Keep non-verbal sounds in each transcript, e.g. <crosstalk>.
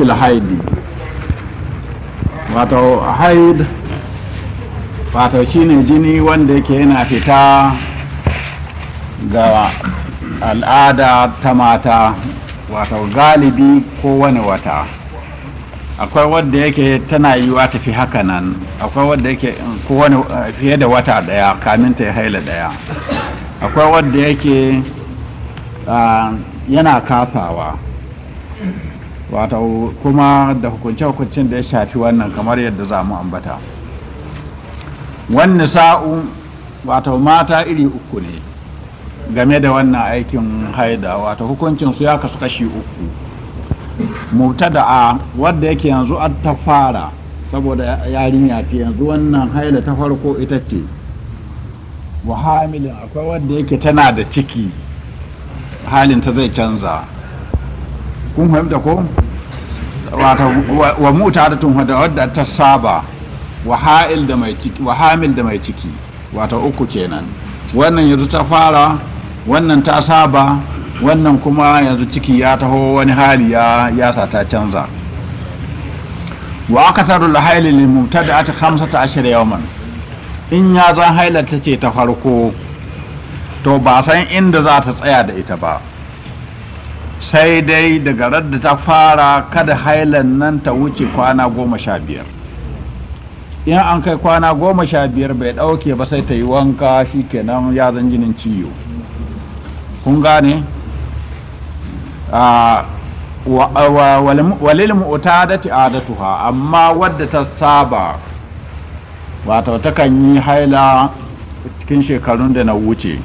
fil haidi wato haid wato shine jini wanda yake yana fita ga al'ada ta mata wato galibi kowane wata akwai wadda yake tana yiwa tafi haka nan akwai wadda yake eh, kowane eh, fiye da wata daya kamin ta haila daya akwai wadda yake ah, yana kasawa wato kuma da hukunce-hukuncin da ya shafi wannan kamar yadda za mu ambata wannan sa'u wato mata iri uku ne game da wannan aikin haida wato su ya kasu kashi uku a wadda yake yanzu an ta fara saboda yarinya fi yanzu wannan haida ta farko ita ce wa akwai wadda yake tana da ciki halin ta zai canza kun fahimta ko wata wa muta da tun wadda ta saba wa wa hamil da mai ciki wata uku kenan wannan yanzu ta fara wannan ta saba wannan kuma yanzu ciki ya taho wani hali ya ya sa ta canza wa da haili ta ashirya 15 yawman in ya zan ta ce ta farko to ba san inda za ta tsaya da ita ba sai dai daga radda ta fara kada hailan nan ta wuce kwana goma sha biyar in an kai kwana goma sha biyar bai ɗauke ba sai ta yi wanka shi kenan ya zan jinin ciyo kun gane walil mu'tadati adatuha amma wadda ta saba wato takan yi haila cikin shekarun da na wuce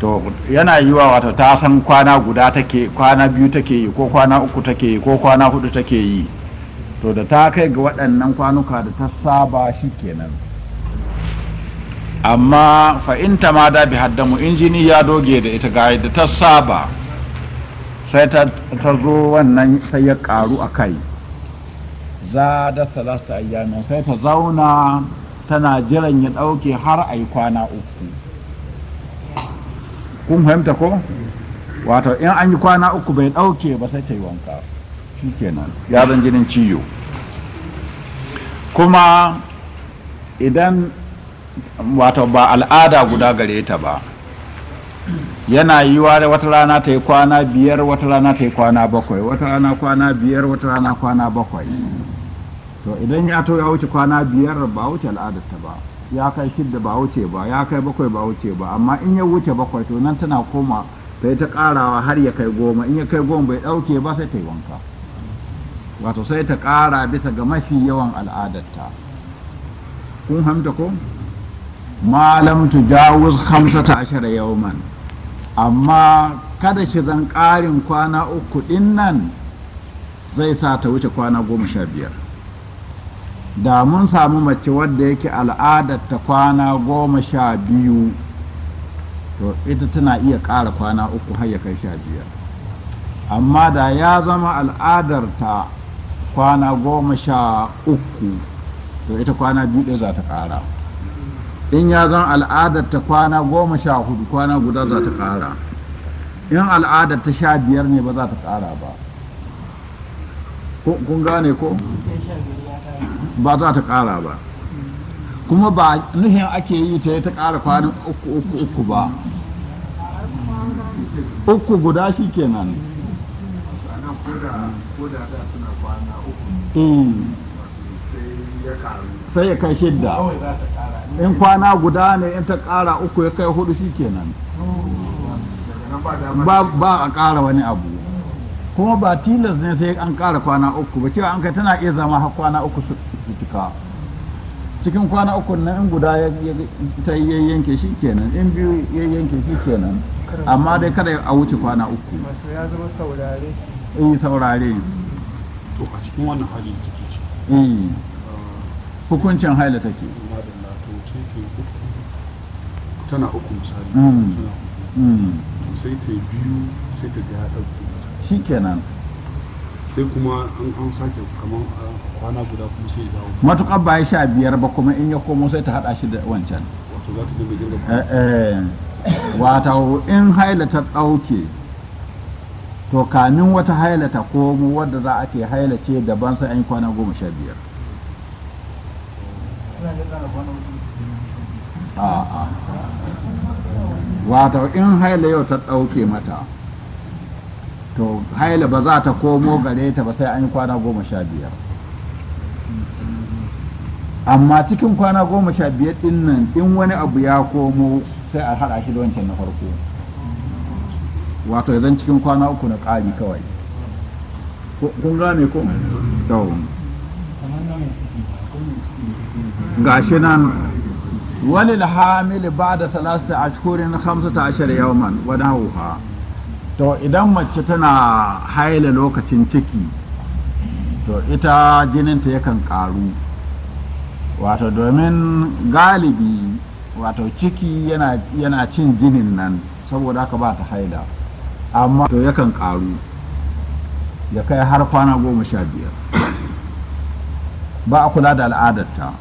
to yana yiwa wato ta san kwana guda take kwana biyu take yi ko kwana uku take yi ko kwana hudu take yi to da ta kai ga waɗannan kwanuka da ta saba shi kenan amma fa'inta ma da bi haddamu injini ya doge da ita ga da ta saba sai ta zo wannan sai ya ƙaru a kai za da salasta ayyamin sai ta zauna tana jiran ya ɗauke har a yi kwana uku kun fahimta ko wato in an yi kwana uku bai ɗauke ba sai ta yi wanka shi kenan ya zan jinin ciyo kuma idan wato ba al'ada guda gare ta ba yana yi da wata rana ta yi kwana biyar wata rana ta yi kwana bakwai wata rana kwana biyar wata rana kwana bakwai to idan ya to ya wuce kwana biyar ba wuce al'adar ta ba ya kai shidda ba wuce ba ya kai bakwai ba wuce ba amma in ya wuce bakwai to nan tana koma ta ta karawa har ya kai goma in ya kai goma bai dauke ba sai ta yi wanka wato sai ta kara bisa ga mafi yawan al'adarta kun hamta ko malam tu tujawuz ta ashara yawman amma kada shi zan karin kwana uku din nan zai sa ta wuce kwana goma sha biyar da mun samu mace wadda yake al'adar ta kwana goma sha biyu to ita tana iya ƙara kwana uku har ya kai sha biyar amma da ya zama al'adar ta kwana goma sha uku to ita kwana biyu ɗaya za ta ƙara in ya zan al'adar ta kwana goma sha hudu kwana guda za ta ƙara in al'adar ta sha biyar ne ba za ta ƙara ba kun gane ko? ba za ta ƙara ba kuma ba nuhin ake yi ta ta ƙara kwanin uku uku uku ba uku guda shi kenan eh. sai ya kai shidda in kwana guda ne in ta ƙara uku ya kai hudu shi kenan ba a ƙara wani abu kuma ba tilas ne sai an ƙara kwana uku ba cewa an kai tana iya zama har kwana uku su cika cikin kwana uku nan in guda ta yi yanke shi kenan in biyu ya yanke shi kenan amma dai kada a wuce kwana uku ya zama saurare eh saurare to a cikin wannan hali take eh ah, hukuncin haila take tana uku misali mm. mm. sai ta biyu sai ta ga ya shi kenan sai kuma an an sake kamar kwana guda kuma sai dawo matukar ba ya sha biyar ba kuma in ya komo sai ta hada shi da wancan wato za ta dinga eh, eh. wata in haila ta dauke to kamin wata haila ta komo wadda za a ce haila ce daban sai an yi kwana goma sha biyar wata in haila yau ta dauke mata to haila ba za ta komo gare ta ba sai an yi kwana goma sha biyar amma cikin kwana goma sha biyar din nan in wani abu ya komo sai a hada shi da wancan na farko wato zan cikin kwana uku na ƙari kawai kun gane ko to gashi nan wani lahamili ba da talasta a cikin hamsata ashir yawman wani hauha to idan mace tana haila lokacin ciki to ita jininta yakan ƙaru wato domin galibi wato ciki yana, yana cin jinin nan saboda aka ba ta haila amma to yakan ƙaru ya kai har kwana goma sha biyar ba a kula da al'adarta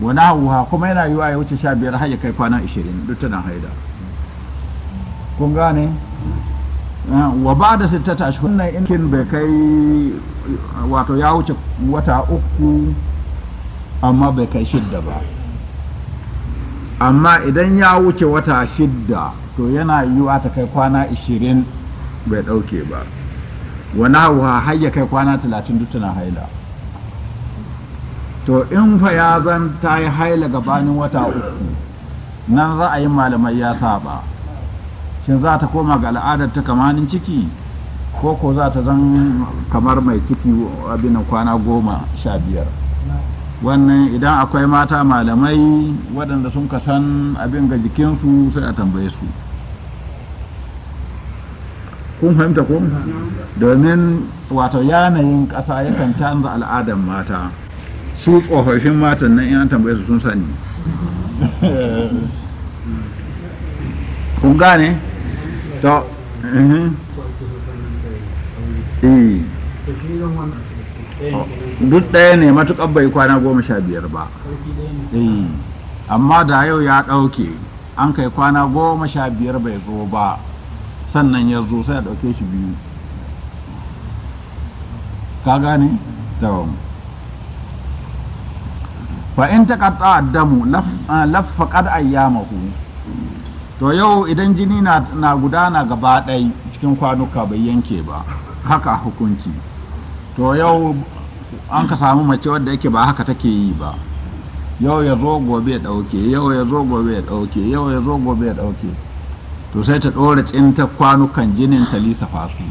wani hauwa kuma yana yiwa ya wuce sha biyar har ya kai kwana ashirin duk tana haida kun gane eh, wa ba da sittata ta shi wannan inkin bai kai wato ya wuce wata uku amma bai kai shidda ba amma idan ya wuce wata shidda to yana yiwuwa ta kai kwana ishirin bai ɗauke ba wani hauha har ya kai kwana talatin duk tana haila to in fa ya zan ta yi haila gabanin wata uku nan za a yi malamai ya saba shin za ta koma ga al'adar ta kamanin ciki ko ko za ta zan kamar mai ciki abin kwana goma sha biyar wannan idan akwai mata malamai waɗanda sun ka san abin ga jikinsu sai a tambaye su kun fahimta ko domin wato yanayin ƙasa yakan canza al'adar mata su tsofaffin matan nan yan tambaye su sun sani <laughs> kun gane to duk ɗaya ne matuƙar bai kwana goma sha biyar ba amma da yau ya ɗauke an kai kwana goma sha biyar bai zo ba sannan ya zo sai a ɗauke shi biyu ka gane? tawon fa in ta ƙatta addamu laffaƙar ayyamahu to yau idan jini na gudana gaba ɗai cikin kwanuka bai yanke ba haka hukunci to yau an ka samu mace wadda yake ba haka take yi ba yau ya zo gobe ya ɗauke yau ya zo gobe ya ɗauke yau ya zo gobe ya ɗauke to sai ta ɗora tsinta kwanukan jinin ta lisa fasu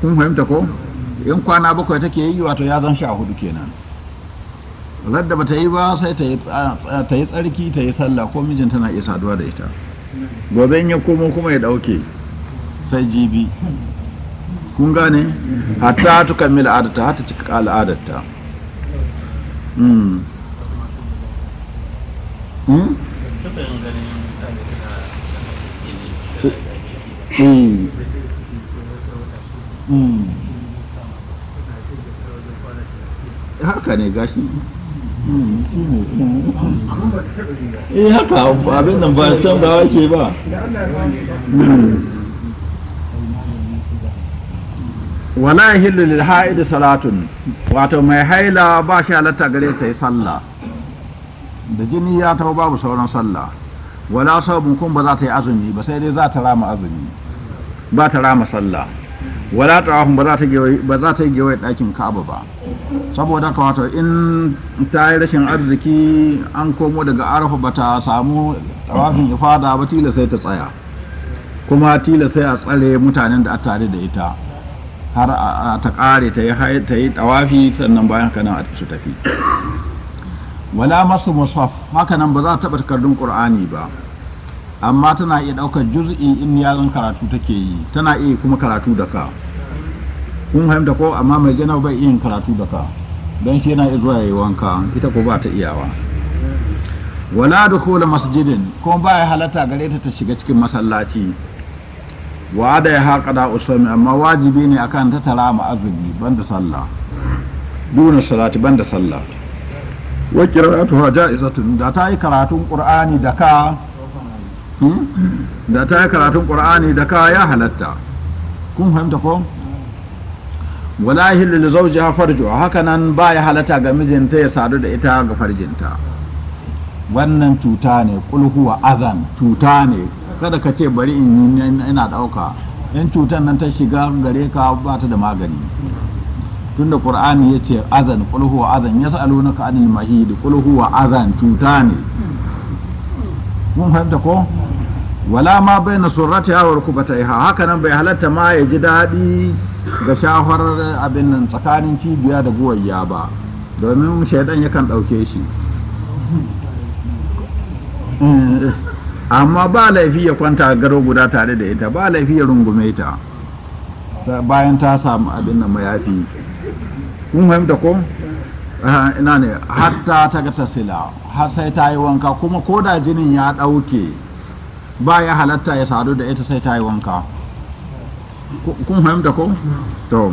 kun fahimta ko in kwana bakwai take yi wato ya zan sha hudu kenan radda ba ta yi ba sai ta yi tsarki ta yi sallah ko mijin tana iya saduwa da ita gobe ya komo kuma ya dauke sai jibi kun gane hatta ta kammila adata hatta cika al'adarta hmm. Hmm? Hmm. haka ne gashi eh haka abin nan ba can ba wake ba wala yahillu lil ha'id salatun wato mai haila ba shi halatta gare ta yi sallah da jini ya tawo babu sauran sallah wala sabun kun ba za ta yi azumi ba sai dai za ta rama azumi ba ta rama sallah wala tawafin ba za ta ba za ta gewaye ɗakin Ka'aba ba saboda ka wato in ta yi rashin arziki an komo daga Arafa ba ta samu tawafin ifada ba tila sai ta tsaya kuma tila sai a tsare mutanen da a tare da ita har ta ƙare ta yi ta yi tawafi sannan bayan ka nan su tafi wala masu musaf haka nan ba za ta taɓa takardun Qur'ani ba amma tana iya ɗaukar juz'i in yazon karatu take yi tana iya kuma karatu da ka kun fahimta ko amma mai janar bai yin karatu da ka don shi yana zuwa yi wanka ita ko ba ta iyawa wala da dukhul masjidin kuma ba ya halatta gare ta ta shiga cikin masallaci wa da ya da usami amma wajibi ne akan ta tara ma'azumi banda sallah duna salati banda sallah wa ja'izatun da ta yi karatun qur'ani da ka hmm? da ta yi karatun qur'ani da ka ya halatta kun fahimta ko wala hillu li zawjiha A haka nan ba ya halata ga mijinta ya sadu da ita ga farjinta wannan cuta ne qul huwa azan cuta ne kada ka ce bari in ina dauka in cutan nan ta shiga gare ka ba ta da magani tunda qur'ani yace azan qul huwa azan yas'alunaka anil mahid qul huwa azan cuta ne mun fahimta ko wala ma baina surratiha wa rukbataiha haka nan bai halatta ma ya ji daɗi? ga shafar abin nan tsakanin cibiya da guwayya ba domin shaidan yakan ɗauke shi eh, amma ba laifi ya kwanta garo guda tare da ita ba laifi ya rungume ta bayan ta samu abin nan mayafi kun fahimta ko ah, ina ne hatta ta ga tasila har sai ta yi wanka kuma ko da jinin ya ɗauke ba ya halatta ya sadu da ita sai ta yi wanka 公公係咪得㗎？咁。